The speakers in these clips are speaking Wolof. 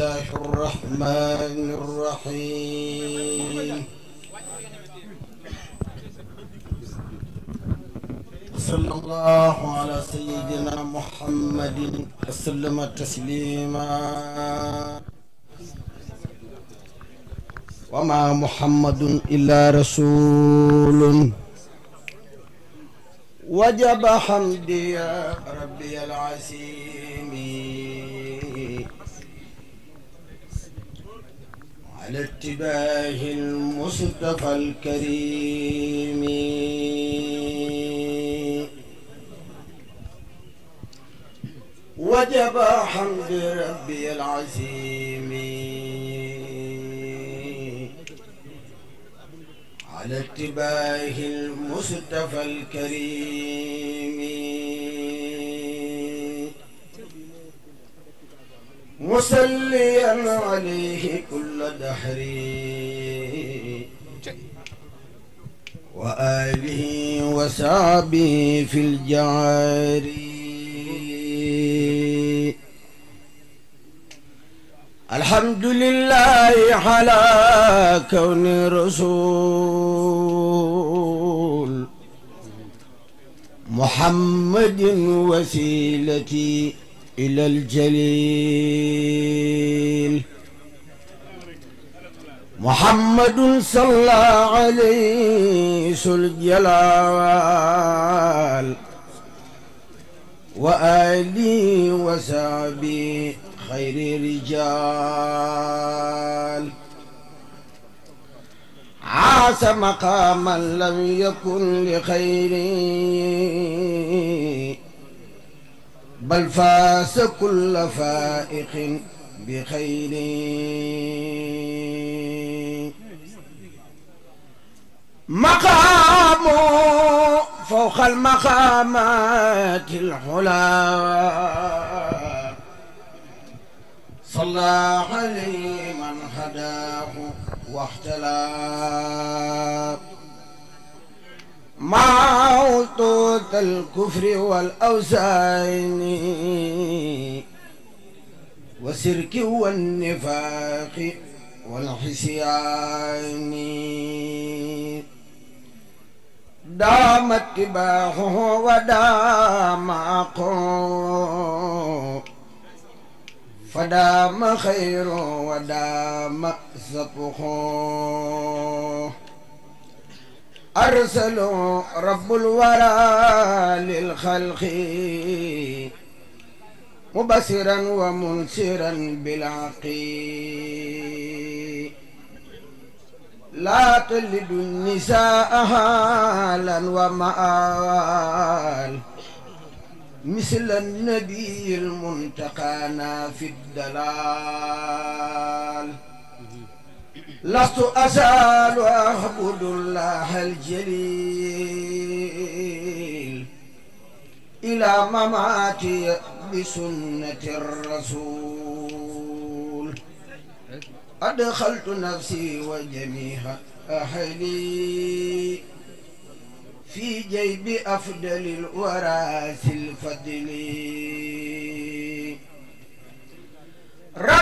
الله الرحمن الرحيم صلى الله على سيدنا محمد وسلم تسليما وما محمد إلا رسول وجب حمدي ربي العزيز على اتباع المصطفى الكريم وجب حمد ربي العظيم على اتباع المصطفى الكريم musalliyan alayhi kulla dahri wa alihi wa sahbihi fil jaari alhamdulillahi ala kawni rasul muhammadin wasilati إلى الجليل محمد صلى عليه الجلال وآله وصحبه خير رجال عاش مقاما لم يكن لخيره bal faas kull faa'iq bi xayri maqaamu fawqa al maqaamaati al hulaa sallaa alayhi man hadaahu waxtalaa مع وطوط الكفر والأوزان والسرك والنفاق والحسيان دام اتباعه ودام عقوق فدام خيره ودام سبحه أرسلوا رب الورى للخلق مبصرا ومنصرا بالحق لا تلد النساء هالا ومآل مثل النبي المنتقى في الدلال لست أزال أعبد الله الجليل إلى مماتي بسنة الرسول أدخلت نفسي وجميع أهلي في جيب أفضل الوراث الفضلين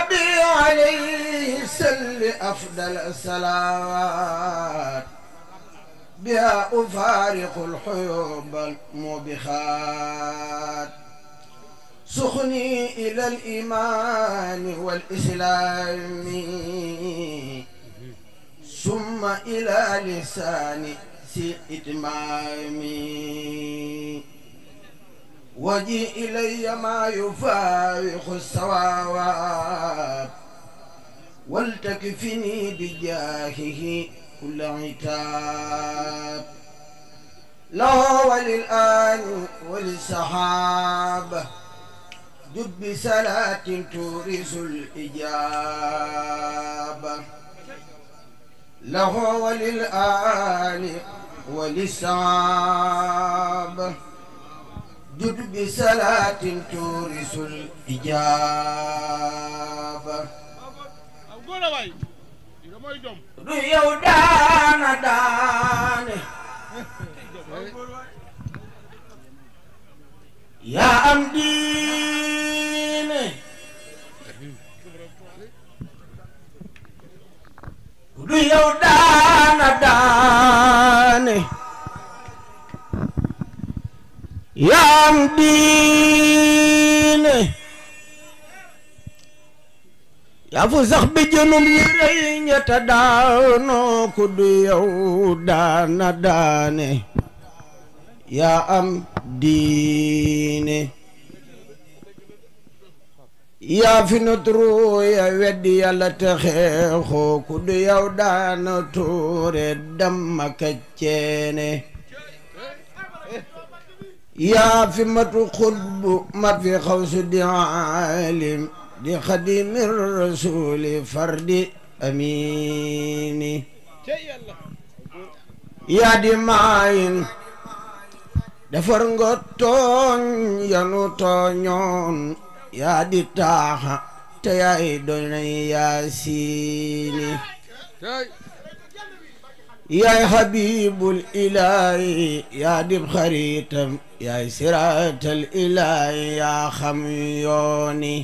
ربي عليه سل أفضل الصلوات بها أفارق الحيوب الموبخات سخني إلى الإيمان والإسلام ثم إلى لساني سي إتمامي waji ilayya ma yufawiqu sawaab waltakfini bijaahihi kulla itaab lahu wa lil aali wa lissahaaba jub bi salaatin tuurisul ijaaba lahu wa lil aali wa lissahaaba جد بصلاة تورث الإجابة du yow daana daane yaa am diine du yow daana yaa am diine yaa fu sax bi jënum yi rëy ñetta daanoo ku du yow daana daane yaa am diine yaa fi nu turu ya weddi yàlla te xeexoo ku du yow daana tuure damma ka ceene yaa fi matu xutb mat fi xaw di alim di xadimi rasuli fardi amini yaa di maayin defar nga tooñ yanu tooñoon yaa di taaxa te yaay yaasiini yaay habibul ilaahi yaa dib xaritam yaay siraatal ilaahi yaa xam yooni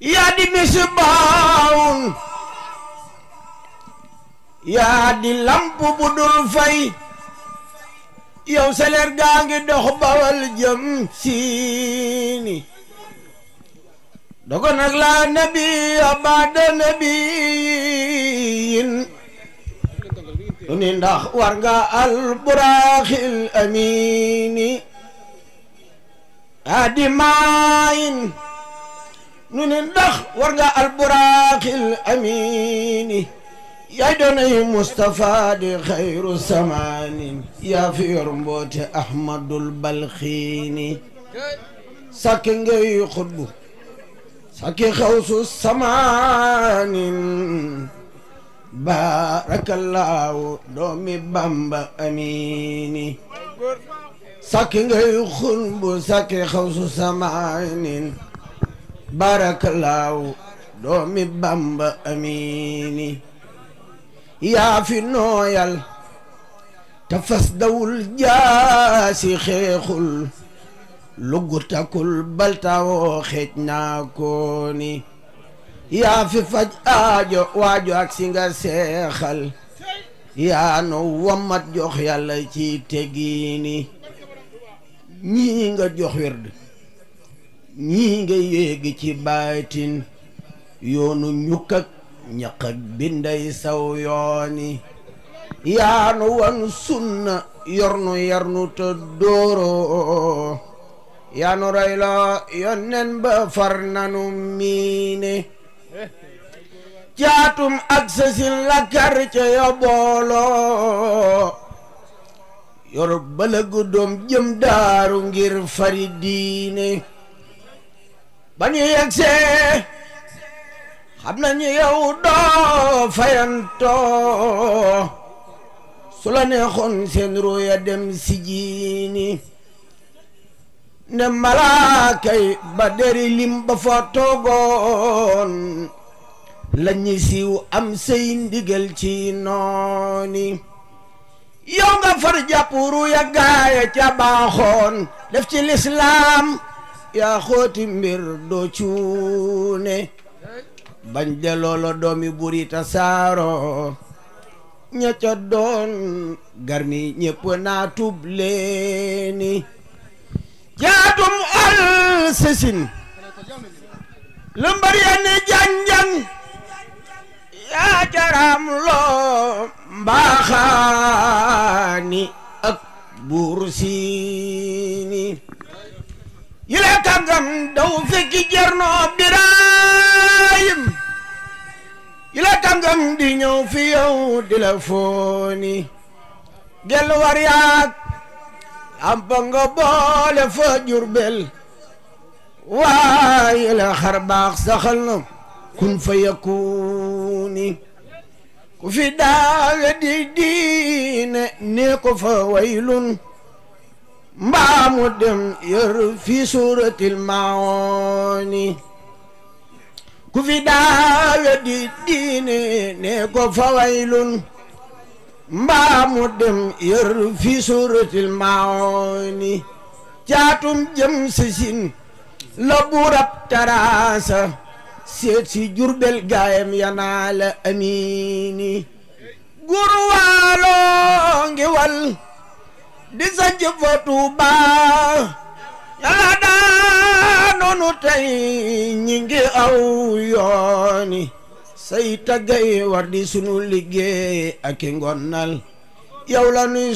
di misbaawun yaa di lamp bu dul fay yow saleer gaa ngi dox bawal jëm siini nabiyin ku ni ndax war nga alburaaxil amiini adimaayin nu ni ndax war nga alburaaxil amiini yaay doonay Mustapha xayru samaanin yaa fi yor mboote Ahmadul Balxiini sakki ngay xutbu sakki xawsu samaanin baarakallaahu doomi bamba amiini sakki ngay xurbu sakki xawsu samaanin baarakallaahu doomi bamba amiini yaa nooyal tafas dawul jaasi xeexul lugutakul baltawoo xeej naa yaa fi faj aajo waajo ak si nga seexal yaa nu wammat jox yàlla ci tegiini ñii nga jox werd ñii nga yéegi ci baatin yoonu ñukk ak ñaq ak binday saw yooni yaa nu wan sunna yor nu yar yaa nu rey la ba far nanu miine caatum ak sa sin la ca yo booloo yor bëlëgu doom jëm daaru ngir fari diine ba ñu yegsee xam nañu yow doo fayantoo su seen ruya dem si jiini malaakay ba deri lim fa toogoon lañu siiw am sëy ndigal ci nooni yow nga far jàppuru ya gaaya ca baaxoon def ci lislaam yaa xooti mbir doo cuune bañ de loolo doomi buri tasaaro ña ca doon garmi ñépp naa tub leeni jaatum al sësin lëmbar ya ne janjang ca jaram loo mbaaxaani ak buur siini yile kàggam daw fekki Cerno Birahim yile kàggam di ñëw fi yow di la fooni gel war yaag ampa nga boole fa Jurbel waaye la xar baax saxal na kun fa yakuni ku fi daawe di diine ne ko fa waylun mbaamu dem yor fi suuratil maoni ku caatum jëm si sin la burab taraasa seet si jurbel gaayam yanaa la amiini gurwaaloo ngi wal di sa jëfa Tuuba yàlla daanonu tey ñi ngi aw yooni say taggay war di sunu liggéey ak i ngonnal yow la nuy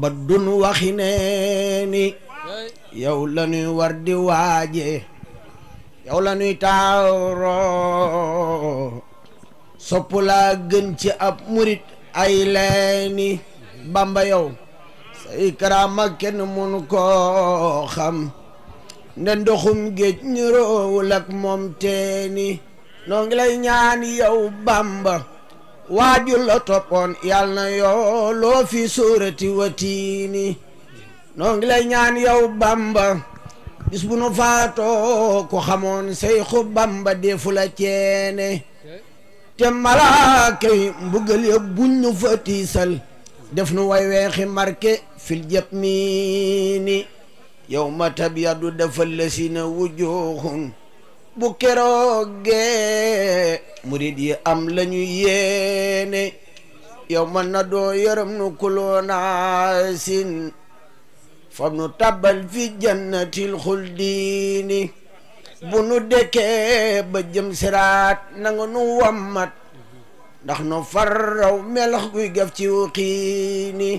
ba dun waxi nee ni war di waaje yow la nuy taaroo sopp gën ci ab murit ay leeni bamba yow say karaama kenn mënu koo xam nde ndoxum géej ñëroowul ak moom teeni noo ngi lay ñaan yow bamba waajul la toppoon yàlla na yoo loo fi suurati watiini noo ngi lay ñaan yow bamba bis bu nu faatoo ku xamoon Seyxu Bamba defu ceene te malaaka yi ya buñ nu fa way weexi marke fil jëpp miini yow ma tabyaddu dafa lasina wujuhun bu keroogee murid yi am lañu yéene yow ma na doo yërëm nu kuloo naasin fanu tàbbal fi jannatil xuldiini bu nu dekkee ba jëm siraat nanga nu wammat ndax nu farraw melax guy gaf ci xiini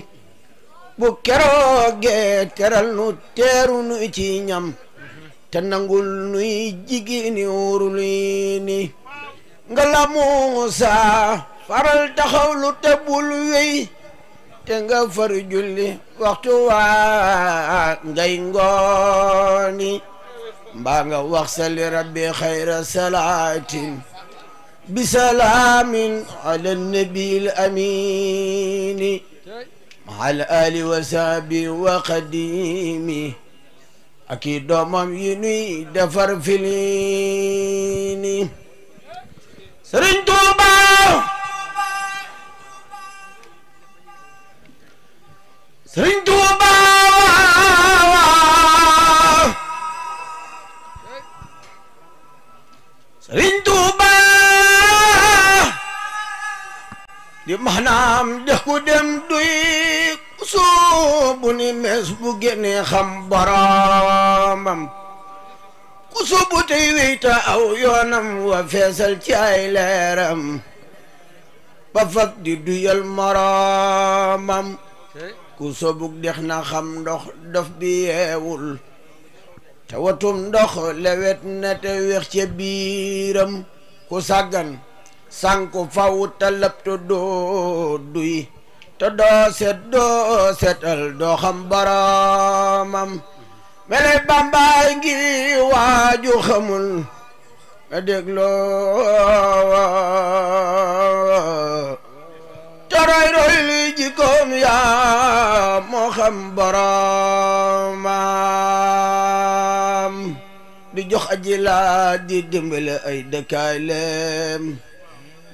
bu keroogee teral nu teeru nu ci ñam te nangul nuy jigéeni wurliini nga la muusa faral taxaw lu tebul wey te nga faru julli waxtu waa ngay ngooni mbaa nga wax sali rabbi xayra salaatin bi salaamin ala nabil amini maal ali wa saabi wa qadimi ak doomam yi nuy filini Sëriñ Tuubaa sëriñ Tuuba sëriñ Tuuba di maanaam dëkku dem duy soobu ni mes bu génnee xam boromam tey wéyta aw wa feesal ci leeram ba fag di duyal moromam ku sobug dex na xam ndox dof bi yeewul te watum ndox lewet na te weex ca biiram ku sàggan sànku faw te lëptu doo duy te doo set doo setal doo xam bambaay ngi waaju xamul nga dégloo jikkoom yaa moo xam boroomam di jox aji di dimbale ay dëkkaaleem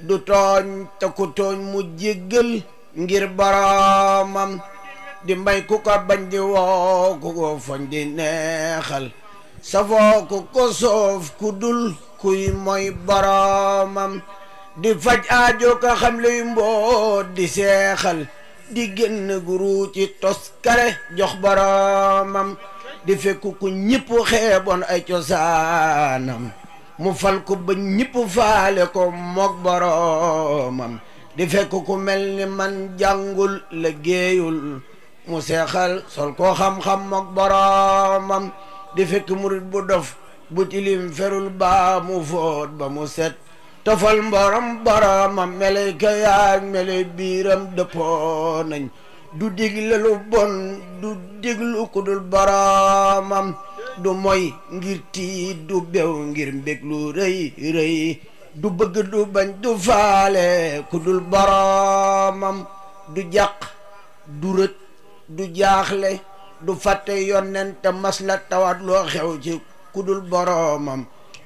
du tooñ te ku tooñ mu jéggal ngir boroomam di mbay ku ko bañ di woo ku ko foñ di neexal safoo ku ko soof ku dul kuy mooy boroomam di faj aajo xam luy mboot di seexal di génn guru ci toskare jox boroomam di fekk ku ñëpp xeeboon ay cosaanam mu fal ko ba ñëpp faale ko moog boroomam di fekk ku mel ni man jàngul liggéeyul mu seexal sol ko xam-xam moog boroomam di fekk murit bu dof bu tilim ferul baa mu foot ba mu set tofal mborom boroma mele ka yaag mele biiram dëppoo nañ du digle lu bon du diglu ku dul boromam du moy ngir tiit du bew ngir mbég lu rëy du bëgg du bañ du faale ku dul boromam du jàq du rët du jaaxle du fàtte yonent te mas la tawat loo xew ci ku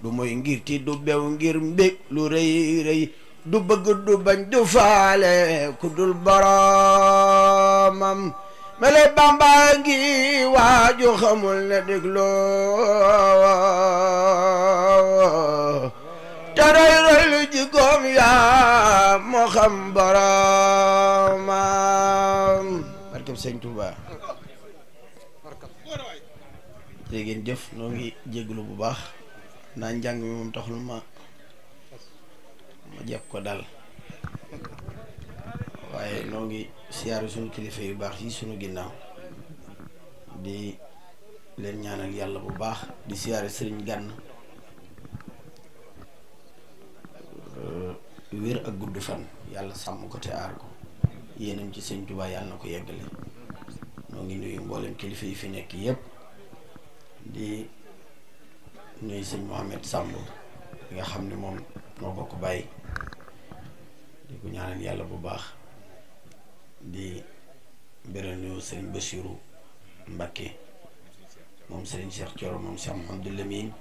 du mooy ngir ti du bew ngir mbég lu rëy rëy du bëgg du bañ du faale ku dul boromam mele bamba waaju xamul ne dégloo te rëy rëy lu jikoom yaa moo xam boromam barkeb sëñ Tuuba jërëjëf noo ngi jéglu bu baax naa njàng mi moom taxul ma ma jàpp ko daal waaye noo ngi siyaaru suñu kilifa yu baax yi suñu ginnaaw di leen ñaanal yàlla bu baax di siyaaru sëriñ gànn wér ak gudd fan yàlla sàmm ko te aar ko yéenam ci sëñ Tuubaa yàlla na ko yeggale noo ngi nuyu mboolem kilifa yi fi nekk yépp di nuyu sëñ Mohamed Samb nga xam ne moom moo bokk bàyyi di ko ñaanal yàlla bu baax di beral nuyu sëñ Bachirou Mbacké moom sëñ Cheikh Thioro moom Cheikh Mouhamadou Lamine